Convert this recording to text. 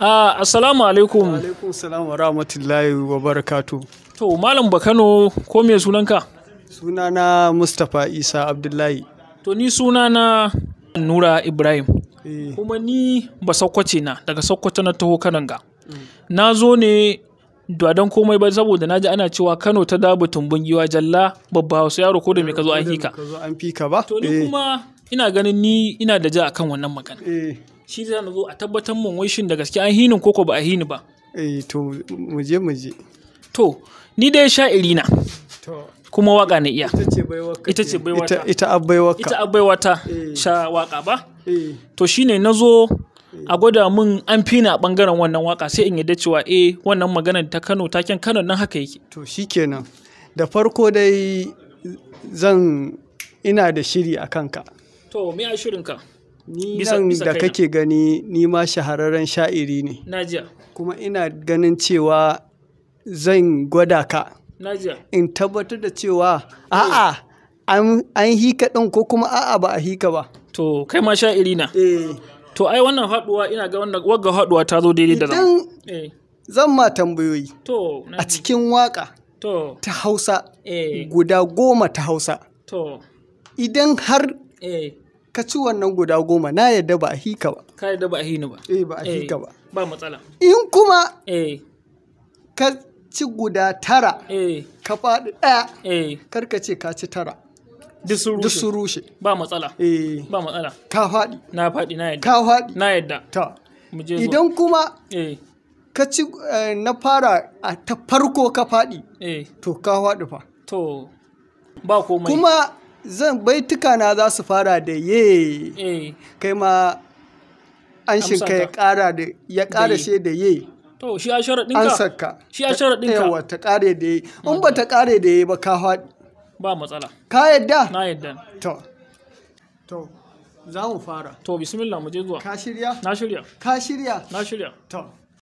Uh, assalamu alaikum. Alaikum salam wa rahmatullahi wa barakatu. To, Malam Bakano, ko me sunanka? Sunana Mustapha Isa Abdullahi. To, ni sunana Nura Ibrahim. Eh. Kuma ni ba sokwace na, daga sokwata na taho Kananga. Na zo ne da don komai ba saboda na ji ana cewa Kano ta dabu tumbun giwa jalla babba Hausa yaro ko da me ka zo an fi ka. fika ba. To ni eh. kuma ina ganin ni ina da ja akan wannan magana. Eh. Shi zai na zo a tabbatar mun wai shin da gaske an hinin koko ba a hini ba. Eh to mu je mu je. To ni dai sha na. To kuma waka na iya. Ita ce waka Ita abbaiwata. Ita abbaiwata. Eh. Sha waka ba. To shine nazo a gwada min an fina a wannan waka sai in yadda cewa eh wannan maganar ta Kano taken Kano nan haka yake. To shikenan da farko dai zan ina da shiri a kanka. To me a shirinka? Ni nan da kake gani ni ma shahararren sha'iri ne. Najiya. Kuma ina ganin cewa zan gwada ka. Najiya. In tabbatar da cewa a'a an hika ɗin ko kuma a'a ba a hika ba. To kai ma sha'iri na. Eh. to ai wannan haduwa ina ga wannan wagga haduwa ta zo daidai da zan eh. zan ma tambayoyi to a cikin waka to ta Hausa eh. guda goma ta Hausa to idan har eh. ka ci wannan guda goma na yadda ba a hika ba ka yadda ba a hini ba eh ba a hika ba ba matsala in kuma ka ci guda tara ka faɗi ɗaya karka ce ka ci tara duk su rushe ba matsala eh ba matsala ka faɗi na faɗi na yadda ka faɗi na yadda ta idan kuma eh ka ci eh, na fara a ta farko ka faɗi eh to ka faɗi fa to ba komai kuma zan baituka na za su fara da ye eh kai ma an shinka ya ƙara da ya ƙara shi da ye to shi a sharaɗinka an saka shi a sharaɗinka yawa ta ƙare da ye in ba ta ƙare da ye ba ka faɗi ba matsala ka yadda na yadda to to za mu fara to bismillah mu je zuwa ka shirya na shirya ka shirya na shirya to